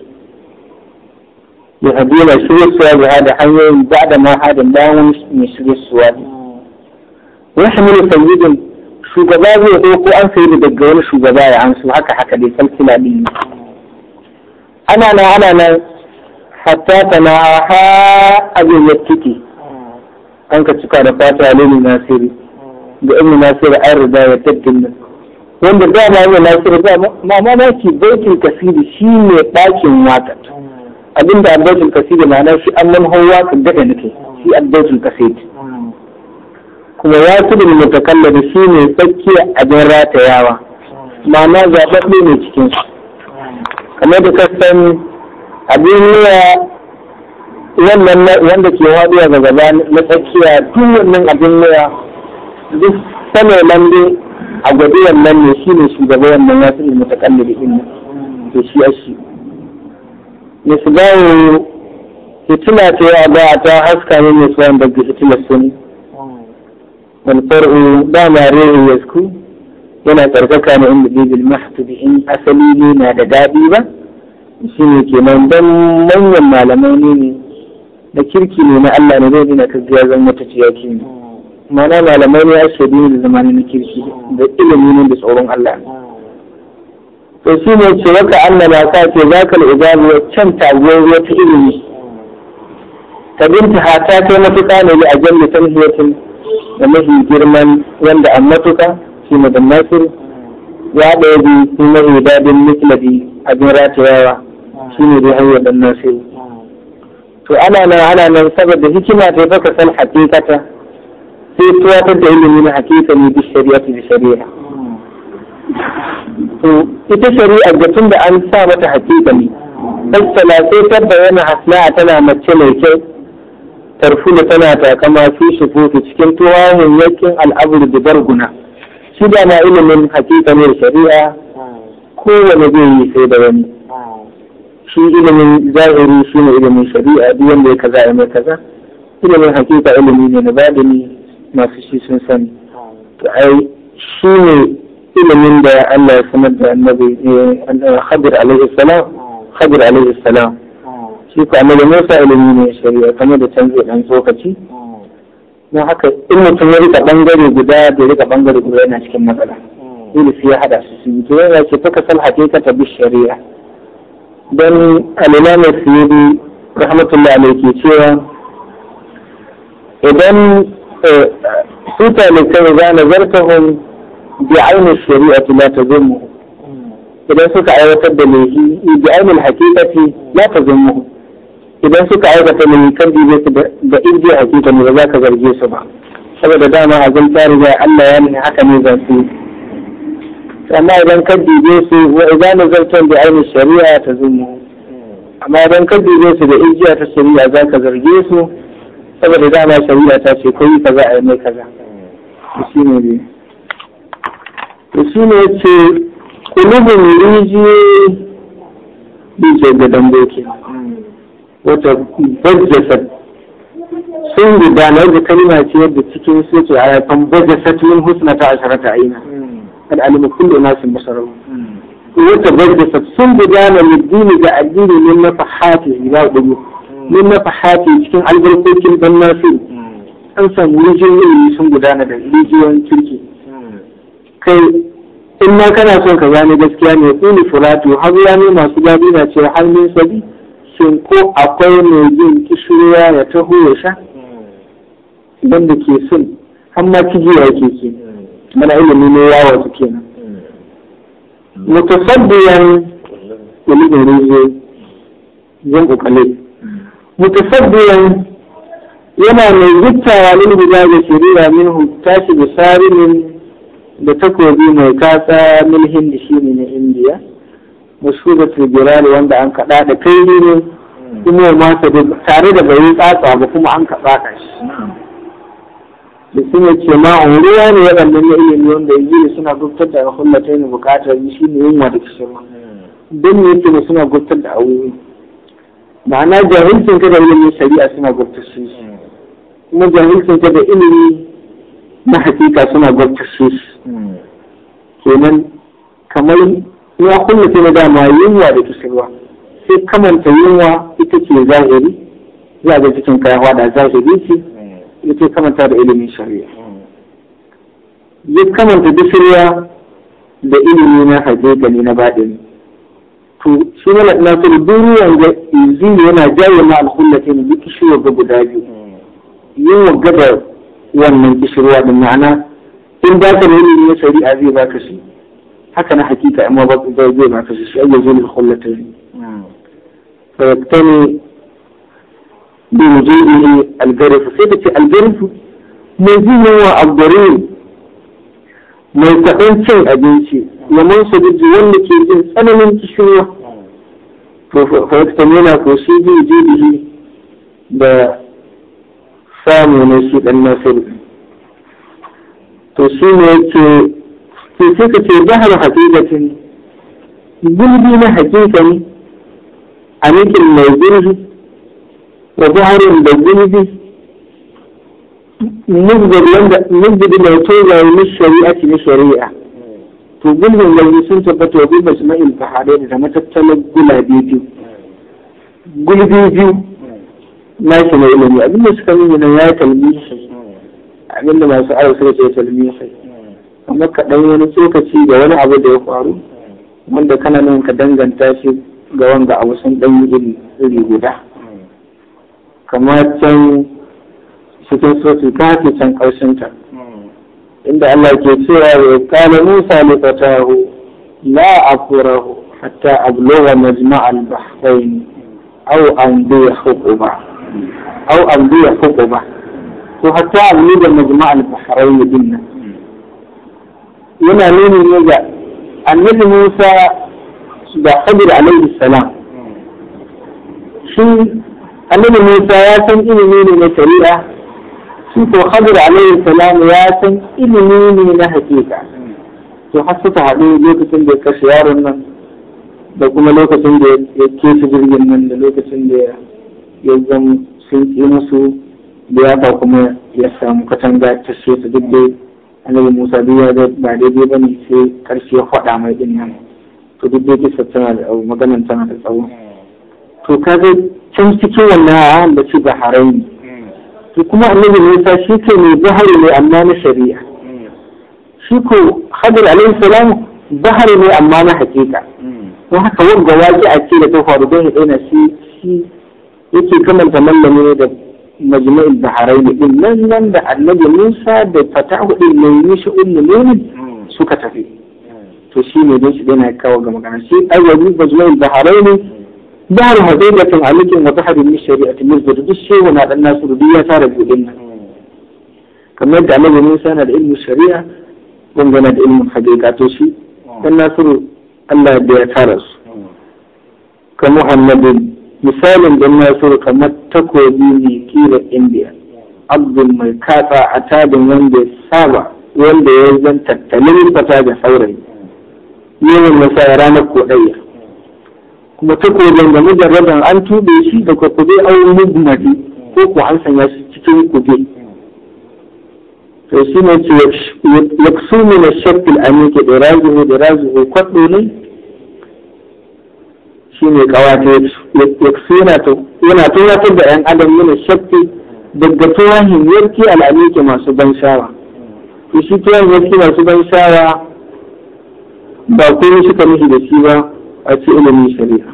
ya hadu mai shigarsuwa da hada hanyoyin ba da ma hadin bayan mai shigarsuwa wani mini sayyidin shugaba zai ko ko an sayi daga wani shugaba ya amsu haka haka dai salsila ɗin ana nan ana nan hatta tana ha abin ya an ka cika da fata na nasiri da ibnu nasiri an riga ya nan wanda da ma na nasiri ba? ma mamaki baitul kasiri shi ne ɗakin waƙa abinda abdul kasiri na shi an hau waƙa daga nake shi abdul kasiri kuma ya kalla da shi ne tsakiya abin ratayawa na zaɓaɓɓe ne cikin kamar da kasan abin yawa wannan wanda ke waɗuwa ga gaba na tsakiya tun wannan abin waya duk sama lambe a gwaɗe wannan ne shi ne shi gaba wannan ya fi kalli da ilmi da shi a shi ne su gawo hitila ta ya ba ta haska ne ne su wanda ga hitila sun wani far'u da ma rere yasku yana tsarkaka na inda bibil mahtubi in asali ne na da daɗi ba shi ne ke nan don manyan malamai ne ne da kirki ne na Allah ne zai dina ziya zan zama ciya ciyaki ne mana malamai ne ake dini da zamanin na kirki da ilimi ne da tsoron Allah to shi ne ce waka Allah ba ka ce za ka al'ibabu can taguwar wata ilimi ta binta hata ta matuƙa ne a jalli tanhiyatin da mafi girman wanda an matuƙa shi ne da nasir ya ɗaya bi shi mafi daɗin a abin ratayawa shi ne da hanyar da nasiru to ana nan ana nan saboda hikima ta baka san hakikata sai tuwatar da hakika ne bi shari'a bi shari'a to ita shari'a ga tun da an sa mata hakika ne tattala sai ta yana hasna'a tana mace mai kyau tarfuna tana takama fi shufufi cikin tuwahin yakin al'abur da barguna shi da na ilimin hakika ne shari'a kowane zai yi sai da wani شيء ilimin zahiri shi ne ilimin shari'a duk wanda ya kaza ya mai kaza ilimin hakika ilimi ne na badini masu shi sun sani to ai shi ne ilimin da Allah ya sanar da annabi Khadir alaihi salam Khadir alaihi salam shi ko annabi Musa ilimi ne shari'a kamar da can zai dan tsokaci don haka in mutum ya rika bangare guda da rika bangare guda yana cikin matsala dole sai ya hada su su yi to yana ce faka sal hakika ta bi shari'a don al'imam suyudi rahmatullah mai ke cewa idan su talibai za na zarta hun bi ainihin shari'a la ta zummu idan suka aiwatar da laifi bi ainihin hakikati la ta zummu idan suka aikata laifi kan bi zai da irji hakikani ne za ka zarge su ba saboda dama a zan tsari Allah ya ne haka ne za su yi amma idan ka dube su wa idan zartan da ainihin shari'a ta zumu amma idan ka dube su da ijiya ta shari'a za ka zarge su saboda dama shari'a ta ce kai kaza a yi mai kaza shi ne dai to shi ne ce kulubun riji bijiyar da boki wata bajjasa sun gudanar da kalma ce yadda cikin su a yakan bajjasa tun husna ta ashirata aina sun قد علم كل أناس بصرهم وتبدست sun gudana liddini ga addini min mafahati ila gudu min mafahati cikin albarkokin dan nasu an samu rijiyoyi sun gudana da rijiyoyin kirki kai in ma kana son ka gane gaskiya ne tsini furatu har ya masu gadi na ce har min sabi shin ko akwai mai jin kishirwa ya taho ya sha idan da ke sun amma kijiya yake ke mana ilimi ne yawon su kenan mutasaddiyan ilimin rijiyo yin kokale mutasaddiyan yana mai zittawa da bilaga shirira minhu min bi shi da takobi mai kasa milhin hindi shi ne na indiya da giral wanda an kaɗa da kai ne kuma ya masa tare da bai tsatsa ba kuma an kaɗa ka shi da sun ce ma ruwa ne waɗannan na ilimi wanda ya gini suna gubtar da hullata ne bukatar yi shi ne yunwa da kishirwa don ne yake ne suna gubtar da abubuwa ma'ana jahilcin ka da ilimin shari'a suna gubtar su kuma jahilcin ka da ilimi na hakika suna gubtar su kenan kamar ya hullata na dama yunwa da kishirwa sai kamanta yunwa ita ce zahiri za ga cikin kayan da zahiri ce yake kamanta da ilimin shari'a ya kamanta da shirya da ilimi na hakikani na baɗin to shi na nasiru duniyan ga izini yana jawo na alhullatin da duk shi ga guda biyu yin wagga da wannan kishirwa da ma'ana in ba ka da ilimi shari'a zai ka shi haka na hakika amma ba zai ba ka shi shi ayyazin alhullata ne hmm. fa yaktani bi wujuhi algarif sai da ce algarif mai jin yawa abdarin mai cin abinci ya mansa gudu wanda ke jin tsananin kishiwa fahimtar yana ko shi zai je da da samu ne shi ɗan nasiru to shi ne ke ka gulbi na hakikani a mai gulbi da وظهر بالذنب نجد mai توزع من الشريعة بشريعة to gulbin yanzu sun tabbata wa gulbin su ma'il fahadai da matattalar gulabe biyu Gulbin biyu na shi na ilimi abinda suka yi nan ya talmihi abinda masu arau suka ce talmihi amma kaɗan wani tsokaci da wani abu da ya faru wanda kana nan ka danganta shi ga wanda abu sun ɗan yi iri guda kamar can cikin suratul kafi can ƙarshen ta inda Allah ke cewa ya kala Musa li fatahu la afurahu hatta ablugha majma'al bahrain aw amdi huquba aw amdi huquba to hatta ablugha majma'al bahrain din yana nuni ne ga annabi Musa da Khadir alaihi salam shi annabi Musa ya san ilimi ne na shari'a shi ko Khadir alaihi salam ya san ilimi ne na hakika to har suka haɗu lokacin da ya kashe yaron nan da kuma lokacin da ya keshi jirgin nan da lokacin da ya zan sun ƙi musu da ya kuma ya samu katanga ta so ta duk dai annabi Musa duk ya ba daidai ba ne sai karshe ya faɗa mai ɗin nan to duk dai kisa tana da tsawo maganan tana da tsawo to kaga can cikin wannan haram da ba to kuma annabi Musa shi ke ne bahari ne amma na shari'a shi ko Hadir alaihi salam bahari ne amma na hakika ko haka wanda waje a ce da ta faru don ya shi shi yake kamanta mallami ne da majmu'ul baharai ne din nan nan da annabi Musa da fatahu din mai shi ummu mumin suka tafi to shi ne don shi dai na kawo ga magana shi ayyubi majmu'ul baharai ne daru hadaidatu alikin wa tahadu shari'a ta mirza duk sai na dan nasu duk ya tara budin nan kamar da annabi Musa na da ilmin shari'a gana da ilmin haqiqa to shi dan nasu Allah ya tara su ka Muhammadin misalin dan nasu kamar takobi ne kira indiya abdul mai katsa a tagin wanda ya saba wanda ya zan tattalin fata da saurayi yawan nasa ranar kodayya kuma ta game da rabin, an tube shi da kwakwabe au mugmadi ko ku hansanya shi cikin kube to shi ne ce ne na shakil amike da ne da ne kwaɗo ne shi ne kawata ya to yana tunatar da ‘yan adam yana shakki daga tuwahin yarki al'amike masu ban shawa to shi tuwahin yarki masu ban shawa ba kuma suka nufi da shi ba ci ilimin shari'a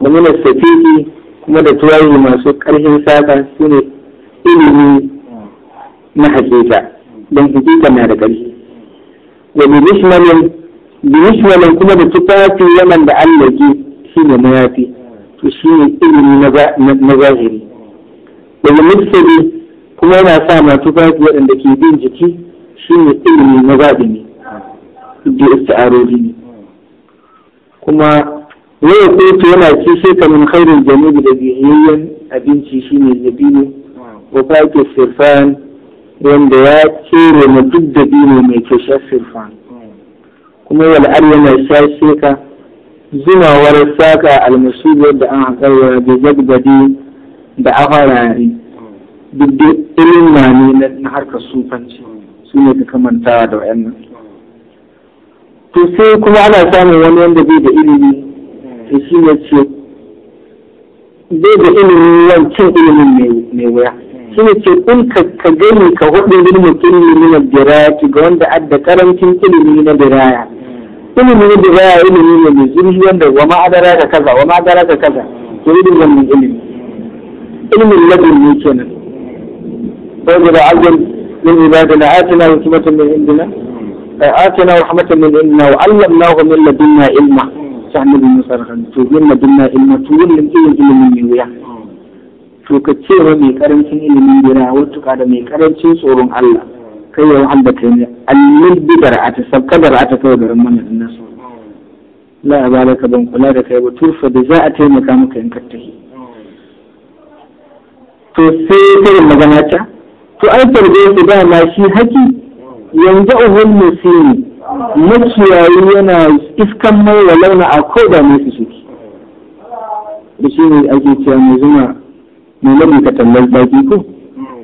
domin safiki kuma da tuwayi masu ƙarfin saka su ne ilimi na hakika don hakika na da ƙarfi wa bishmalin bishmanin kuma da tufafi yaman da allaki shi ne na yafi to shi ne ilimi na zahiri Wani mutsabi kuma yana sa ma tufafi waɗanda ke bin jiki shi ne ilimi na zahiri da isti'arori ne kuma yau ko kotu yana sai ka min khairul jami' da biyayyen abinci shine dabino wa ke sirfan wanda ya cere mu duk dini mai kyashe sirfan kuma wal yana shashe ka war saka almasu da an hakarwa da jagbade da afarare duk da ilin ne na harkar sufanci sune ka kamantawa da wayannan to sai kuma ana samun wani wanda bai da ilimi to shi ne ce bai da ilimi wancan ilimin mai wuya shi ne ce in ka gani ka hudu ilimin ilimi na biraya ga wanda adda karancin ilimi na biraya ilimi na biraya ilimi ne mai zurfi wanda wa ma'adara ka kaza wa ma'adara ka kaza to irin wannan ilimi ilimin labin ne kenan saboda azan na ibadana atina hikmatan min indina آتنا رحمة من إنا وعلمناه من لدنا علما sa'annabi Musa rahman to yin madinna ilma to yin ilimin ilimin mai wuya to ka ce wa mai karancin ilimin gina wattuka da mai karancin tsoron Allah kai ya wahal da kai allil bidar a ta sabka da ta kawai garin mana din nasu la abala ka ban kula da kai ba turfa da za a taimaka maka in kattahi to sai irin magana ta to an tarbe su ma shi haƙi yanzu uhul musini makiyayi yana iskan mai wa launa a ko da mai su suke da shi ne ake cewa mai zuma mai labi ka tallar baki ko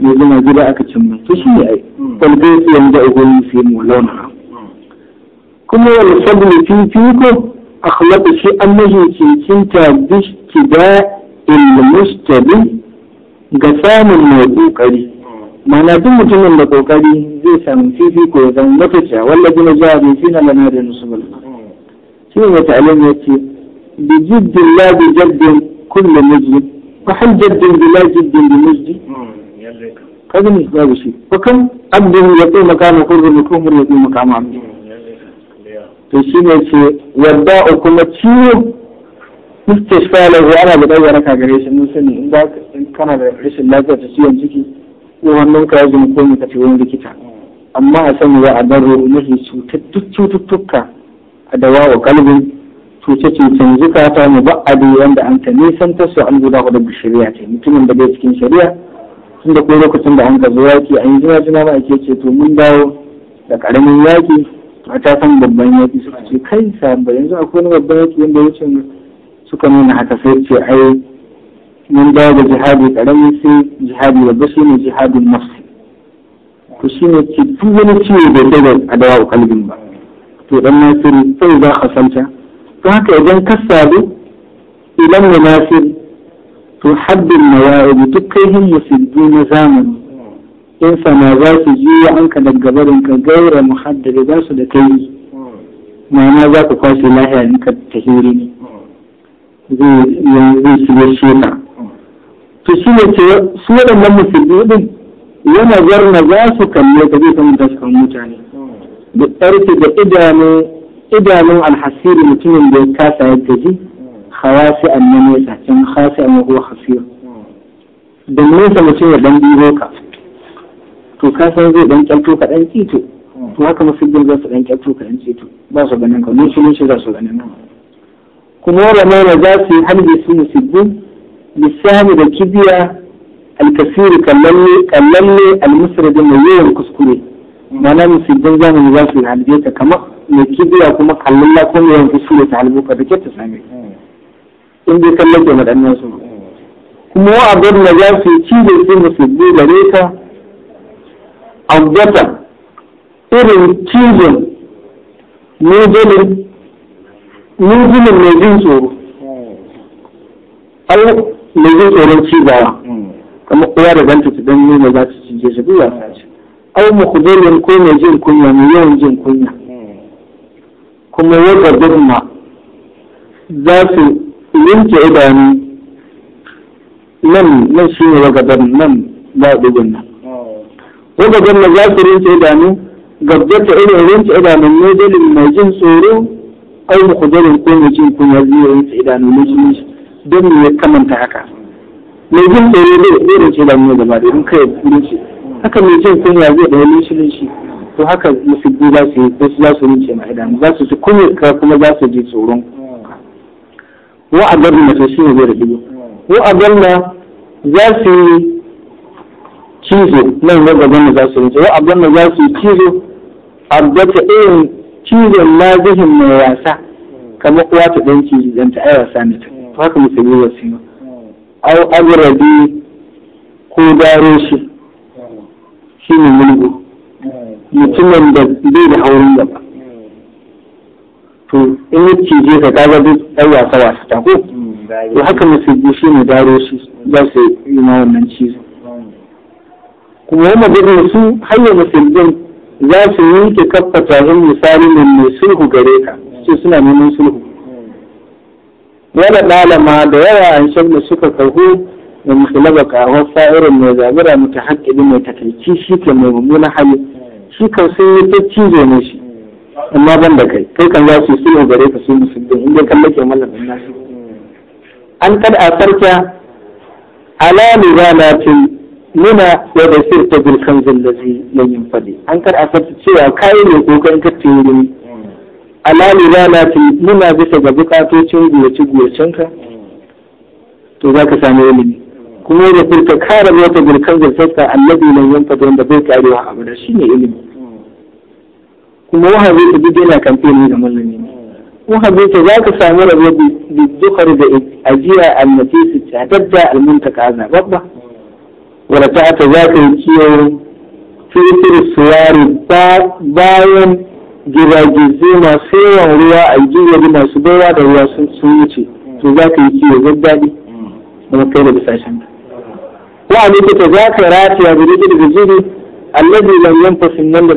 mai zuma gida aka cin mai to shi ne ai talbai yanzu uhul musini wa launa kuma wani sabulu fifi ko kwalata shi an mahincin ta da ilmustabi ga samun mai kokari ma'ana duk mutumin da kokari zai samu fifiko ya zama mafita wanda kuma jawa a fi na lana da musulman shi ne wata alim ya ce bi jiddin la bi jaddin kullu mujdi fa hal jaddin bi la jiddin bi mujdi kaga ne babu shi ko kan abdin ya tsaye makama kurbu ko kumur ya tsaye makama to shi ne ce wadda kuma ciwo mustashfa lahu ana da ɗaukar raka gare shi mun sani in kana da rashin lafiya ta ciwon ciki wannan ka ko mu ka wani likita amma a sani ya adaro mafi cututtuka a dawa wa kalbin cuce-cucen zukata mu ba a wanda an ta nisan ta su an guda da shari'a ta mutumin da bai cikin shari'a tun da kuma lokacin da an ka zo yaki an yi jina jina ba ake ce to mun dawo da karamin yaki a ta san babban yaki suka ce kai sabba yanzu akwai wani babban yaki wanda ya ce suka nuna haka sai ce ai mun dawo da jihadi karami sai jihadi babba shi ne jihadin nafsi to shi ne ke duk wani ciwo bai dawo a dawa kalbin ba to dan nasiru sai za ka san santa to haka idan ka sabu idan munasir to haddin nawa'ib duk kai hin musibbi na zamani in sama za su juya an ka daga barin ka gaira muhaddari za su da kai ma'ana za ku kwashe lahiya in ka tahiri ne zai shigar shekara to shi ne ce su waɗannan musulmi din yana zarna za su kalli ka zai da su kan mutane da ƙarfi da idanu idanun alhasiri mutumin da ya kasa ya gaji hawasi an na nesa can hawasi an mahuwa hasira da nesa mutum ya ɗan biyo ka to ka san zai ɗan kyalto ka ɗan cito to haka musulmi za su ɗan kyalto ka ɗan cito ba su ganin ka nufin nushi za su ganin kuma wala mai za su yi halbi su musulmi lissafi da kibiya alkasiri kallalle almusra da mai yawan kuskure mana musulman zamani za su halbe ta kamar mai kibiya kuma kallalla ko mai yawan kuskure ta halbo ka da ta same in dai kallon da waɗannan su kuma wa abin da za su ci da su musulmi da reka abbata irin cizon nujulin mai jin tsoro mai jin tsoron cizawa kamar uwa da ganta ta dan nuna za ta cije shi duk wasa ce au mukhbirin ko mai jin kunya mai yawan jin kunya kuma yadda birma za su yanke idanu nan nan shi ne wagabar nan ba ɗigon nan wagabar nan za su rinke idanu gabjata irin rinke idanun ne dalilin mai jin tsoro au mukhbirin ko mai jin kunya zai rinke idanu ne shi don me ya kamanta haka mai jin tsoro zai ɗaya ce da mu gaba da kai ya haka mai jin kunya zai da wani shirin shi to haka musu biyu za su yi su za su rinci ma idan za su su kunya ka kuma za su ji tsoron wa a garin mace shi ne zai da dubu wa a garin za su yi cizo nan ga gaban za su rinci wa a garin za su yi cizo a gata irin cizon lazihin mai wasa kamar kuwa ta ɗan cizon ta ai wasa ne ta haka musulmi wasiyu au agrabi ko garo shi shi ne mulgu mutumin da bai da haurin gaba to in ya cije ka kaga duk ɗan wasa wasa ta ko to haka musulmi shi ne daro shi za su yi ma wannan cizo kuma wani birnin su hanyar musulmin za su yanke kafa tarin misali mai sulhu gare ka su suna neman sulhu wani ɗalama da yawa an da suka kahu da musulaba kawo fa'irin mai zabura mutu haƙƙi mai takaici shi ke mai mummuna hali shi kan sun yi ta cizo ne shi amma ban da kai kai kan za su sulhu gare ka su musulmi inda kan nake mallakin nasu an kada a farka ala tun nuna ya da sirta bil kanzil ladzi lan yanfadi an kada a farka cewa kai ne kokarin kace wurin alami na fi muna bisa ga bukatocin gurace-guracenka to za ka samu ilimi kuma da furta kare wata gurkan zartarka annabi nan yanka fata wanda bai karewa abu da shi ne ilimi kuma zai ta duk yana kamfani da mallami ne zai ta za ka samu da dukkan da ajiya almatisi ta ka almuntaka babba wadda ta za ka yi kiyon fitir suwari bayan giragizai masu yawan ruwa a da masu baiwa da ruwa sun wuce to za ka yi kiwo zan daɗi kuma kai da bisashen ko a lokacin za ka rataya da jiri daga jiri allabi lam fasin nan da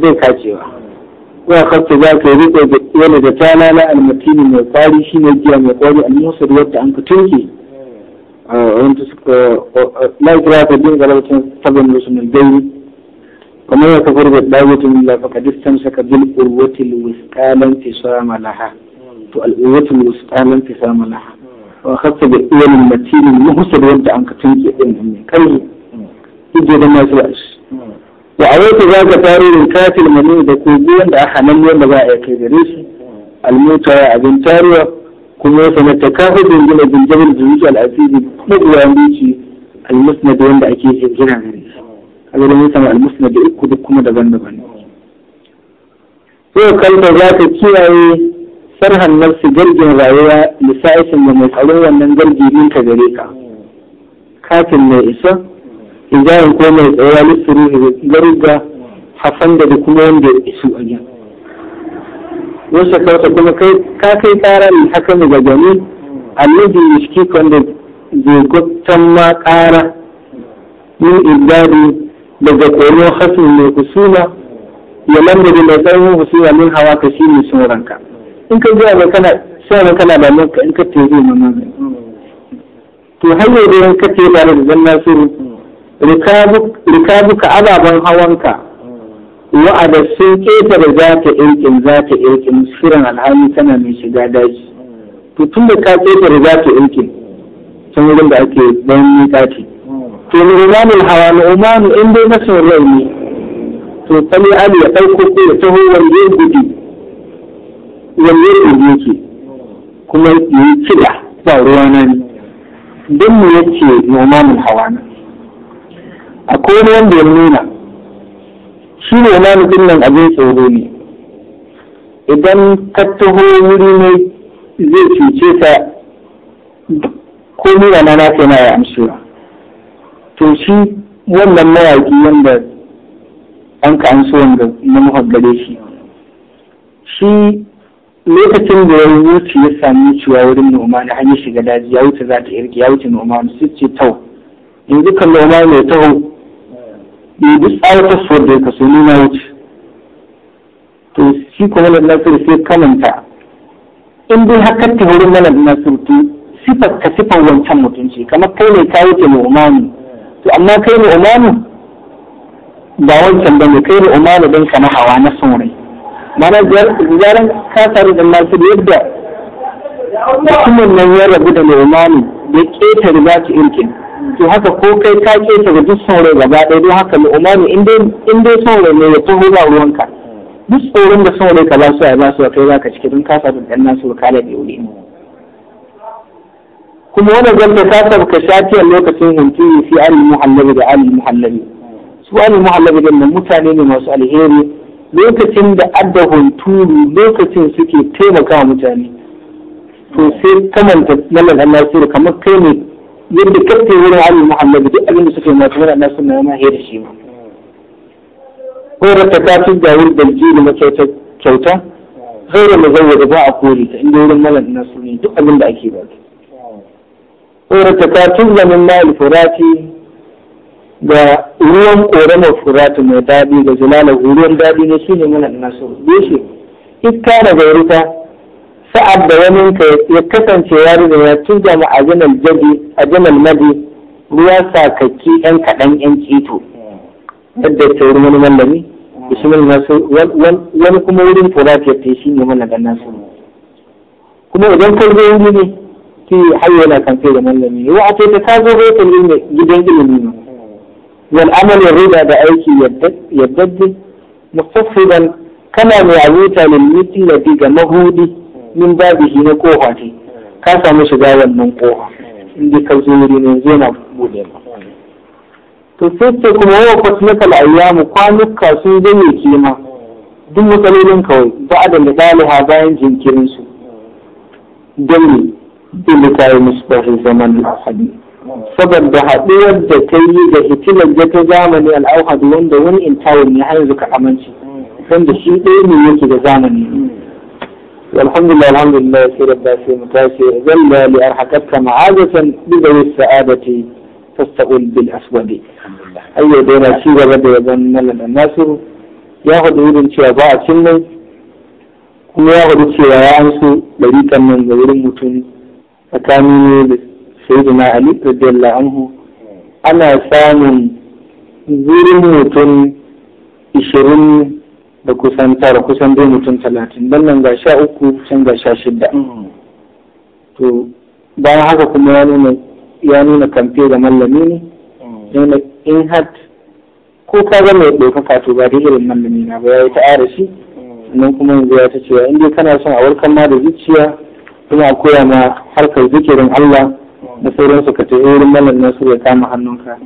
bai kacewa wa kafta za ka rike da wani da ta lala na almatini mai kwari ne giya mai kwari an musu da an ka tunke ta suka laikira ka dinga rabatan musu mai daidai kamar ya kafar da dawoci mun lafa ka distan saka bil qurwati lwisqalan fi samalaha to al qurwati lwisqalan fi samalaha wa kai kije da ma zuwa shi wa ayatu zaka tarihin katil ko gwan da aka nan ne ba ya kai gare shi al muta ya abin tarwa kuma ya sanata ka hudu gina gindin zuciya al asiri kuma ya yi ci al musnad wanda ake jira gare shi a da mun samu al-musnad da uku duk kuma daban-daban sai kalma za ta kiyaye sarhan nafsi gargin rayuwa lisa'ifin da mai tsaron wannan gargi min ka gare ka kafin mai isa ijahin ko mai tsayuwa lissuru garga hafan da kuma wanda isu a wasu kawta kuma ka kai kara mai haka daga gagani annabi miski wanda zai gwabtan ma kara yin ibdadi daga koro hasu mai husuna ya lamba da mai tsarin husuma min hawa ka shi ne sauranka in ka zuwa mai kana sauran kana da mai in ka tere ma magani to hanyar da in ka ba da da zan nasiru ka ababen hawanka wa'ada sun da za ta irkin za ta irkin shirin alhali tana mai shiga daji to tun da ka keta da za ta irkin can wurin da ake bayan ni kati. to ni al-hawa na in dai na son rai ne to tsali ali ya ɗauko ko ya taho wanda ya gudu wanda ya gudu yake kuma ya yi kiɗa ba ruwa na ne don mu ya nu'man al-hawa na akwai wani wanda ya nuna shi ne nu'man din nan abin tsoro ne idan ka taho wuri ne zai cuce ta ko nuna na na sai na ya amshewa to shi wannan mayaƙi wanda an ka an so da na muhaggare shi shi lokacin da ya wuce ya sami cewa wurin noma na hanyar shiga daji ya wuce za ta irki ya wuce noma su ce tau yanzu kan noma mai tau ya duk tsawon kasuwar da ya kaso na wuce to shi kuma na nasiru sai kamanta in dai hakan ta wurin na nasiru to sifar ka sifar wancan mutunci kamar kai ne ka wuce noma ne to amma kai ne umanu ba wancan ba ne kai ne umanu don na hawa na son rai mana ziyarar kasar da masu yadda mutumin nan ya rabu da umanu da keta riba ta irkin to haka ko kai ka keta da duk saurai gaba ɗaya don haka umanu in dai son ne ya taho ba ruwanka duk tsoron da saurai ka ba su ya ba su kai za ka cike don kasa da ɗan nasu ka da ne kuma wani zanta ta sabka shafiyar lokacin hunturu fi ali muhallabi da ali muhallabi su ali muhallabi da mutane ne masu alheri lokacin da adda hunturu lokacin suke taimaka mutane to sai kamanta mallan Allah nasiru kamar kai ne yadda kafin wurin ali muhallabi duk abin da suke masu wani Allah na yana hira shi ba horar ta ta fi da wurin daljiri na kyauta zai da mazauwa ba a kore ta inda wurin mallan Allah sunna duk abin da ake ba tsorata tun zamin mali furati da ruwan ƙoramar furatu mai daɗi da zinala ruwan daɗi ne shine muna nasu bishi ita da gairita sa'ad da wani ya kasance ya riga ya a janar jabi a ajinal madi ruwa sakakki yan kaɗan yan kito yadda ta tsaye wani mallami bishimin nasu wani kuma wurin furatu ya shi ne muna nasu kuma idan kai zai wuri ne shi har yana kamfe da mallami ne wato ta ka zo zai kalli gidan ilimi ne wal amal rida da aiki yadda mustafidan kana mai azuta lil da diga mahudi min babihi na kofa ce ka samu shiga wannan kofa inda ka zo wuri ne zo na bude to sai ce kuma wa na kala ayyamu kwanuka sun ne kima duk matsalolin kawai ba da daliha bayan jinkirin su don ilika yi musbahi zaman al'ahadi saboda haɗuwar da ta yi da hitilar ta zamani al'ahadi wanda wani intawon ne har yanzu ka amince wanda shi ɗaya ne yake da zamani والحمد لله الحمد لله سير الباس المتاسي ذل لأرحكتك معادة بذوي السعادة فاستقل بالأسود أي دينا شيء بدا يبن ملن الناس ياخد ورن شيء باع كله kuma ya faɗi cewa ya amsu ɗari kan nan ga wurin mutum tsakanin da na ali da anhu ana samun zurin mutum ishirin da kusan tara kusan dai mutum talatin don nan ga sha uku can ga sha shida to bayan haka kuma ya nuna ya kamfe ga mallami ne in hat ko ka zama ya ɗaukaka to ba dai irin mallami na ba ya yi ta arashi sannan kuma yanzu ya ta cewa in dai kana son a warkar ma da zuciya suna koya ma harkar zikirin Allah da sauransu ka tafi wurin malamin su ya kama hannunka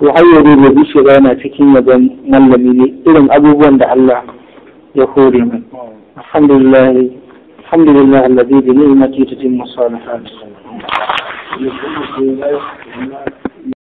to har yau da bishira yana cikin yaban mallami ne irin abubuwan da Allah ya hore mai alhamdulillah alhamdulillah alladhi bi ni'mati tatimmu salihat